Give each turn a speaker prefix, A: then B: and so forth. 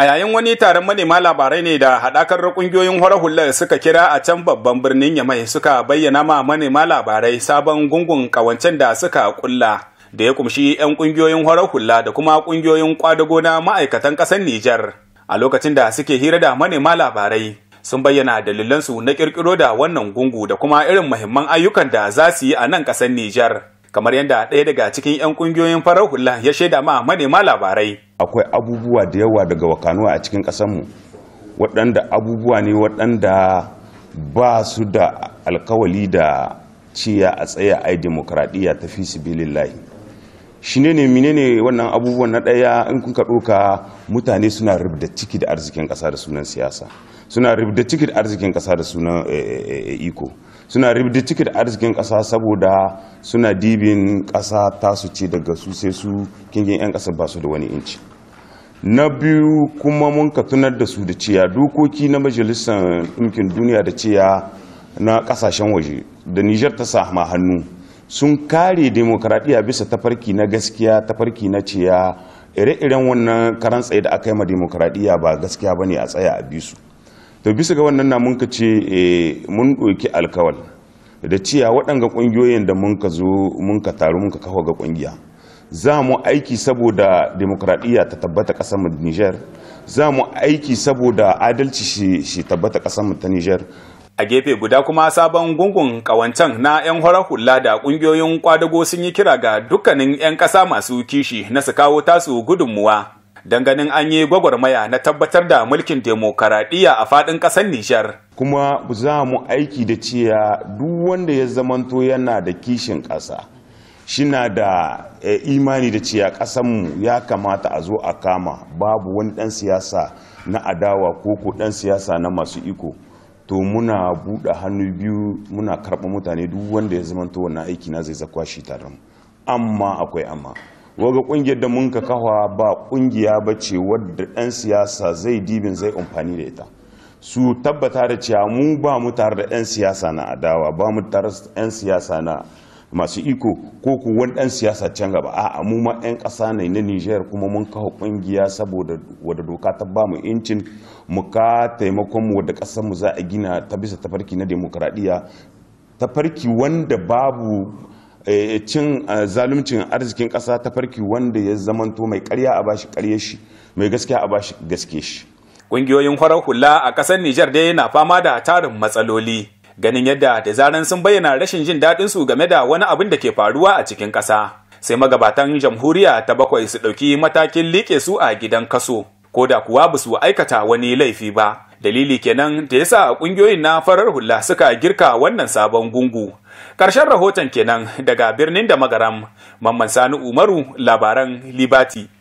A: a yayin wani taron manema labarai ne da haɗakar ƙungiyoyin horar hular suka kira a can babban birnin yamai suka bayyana ma manema labarai sabon gungun ƙawancen da suka ƙulla da ya kumshi 'yan ƙungiyoyin horar hula da kuma ƙungiyoyin ƙwadago na ma'aikatan ƙasar Nijar. A lokacin da suke hira da manema labarai sun bayyana dalilansu na ƙirƙiro da wannan gungu da kuma irin muhimman ayyukan da za su yi a nan ƙasar Nijar. Kamar yadda ɗaya daga cikin 'yan ƙungiyoyin farar hula ya shaida ma manema labarai.
B: akwai abubuwa da yawa daga wakanuwa a cikin kasanmu waɗanda abubuwa ne waɗanda ba su da alkawali da ciya a tsaya ai demokradiyya ta fi layi. shi ne ne ne wannan abubuwan na ɗaya in kun ka ɗoka mutane suna rubda ciki da arzikin ƙasa da sunan siyasa suna rubda ciki da arzikin ƙasa da sunan eh, eh, eh, iko suna ribdi cikin da arzikin kasa saboda suna dibin kasa tasu ce daga su sai su kingin 'yan kasa ba su da wani inci na biyu kuma mun ka tunar da su da ciya dokoki na majalisar ɗinkin duniya da ciya na ƙasashen waje da nijar ta sa ma hannu sun kare demokaradiyya bisa tafarki na gaskiya tafarki na ciya ire-iren wannan karan tsaye da aka yi ma demokaradiyya ba gaskiya ba ne a tsaya a bisu to bisa ga wannan na mun ka ce eh, mun ɗauki alkawal da cewa waɗanga ƙungiyoyin da mun ka zo mun ka taru mun ka kawo ga ƙungiya za mu aiki saboda demokradiyya ta tabbata ƙasar mu Niger za mu aiki saboda adalci shi tabbata ƙasar mu ta Niger
A: a gefe guda kuma sabon gungun kawancan na 'yan horar hula da kungiyoyin kwadago sun yi kira ga dukkanin 'yan ƙasa masu kishi na su kawo tasu gudunmuwa ganin an yi gwagwarmaya na tabbatar da mulkin demokaradiyya a faɗin ƙasar Nijar.
B: Kuma za mu aiki da cewa duk wanda ya zamanto yana da kishin ƙasa, na da eh, imani da cewa ƙasanmu ya kamata a zo a kama babu wani ɗan siyasa na adawa ko ko ɗan siyasa na masu iko. to muna buɗe hannu biyu muna karɓa mutane duk wanda ya zamanto wannan aiki na zai zakwa shi tare amma akwai amma waga kungiyar da mun ka kawa ba kungiya ba ce wadda ɗan siyasa zai dibin zai amfani da ita su tabbata da cewa mu ba mu tare da ɗan siyasa na adawa ba mu tare da ɗan siyasa na masu iko ko ku wani ɗan siyasa can gaba a mu ma 'yan ƙasa ne na nijar kuma mun kawo ƙungiya saboda wadda doka ta ba mu incin mu ka taimakon wadda ƙasar mu za a gina ta bisa tafarki na demokradiyya tafarki wanda babu Eh, cin eh, zaluncin arzikin ƙasa ta farki wanda ya zamanto mai karya a bashi karye shi mai gaskiya a bashi gaske shi
A: ƙungiyoyin farar hula a ƙasar Nijar dai na fama da tarin matsaloli ganin yadda da zaran sun bayyana rashin jin daɗin su game da wani abin da ke faruwa a cikin ƙasa sai magabatan jamhuriya ta bakwai su ɗauki matakin liƙe su a gidan kaso ko da kuwa ba su aikata wani laifi ba dalili kenan da ya yasa ƙungiyoyin na farar hula suka girka wannan sabon gungu karshen rahoton kenan daga birnin da magaram mamman sani umaru labaran libati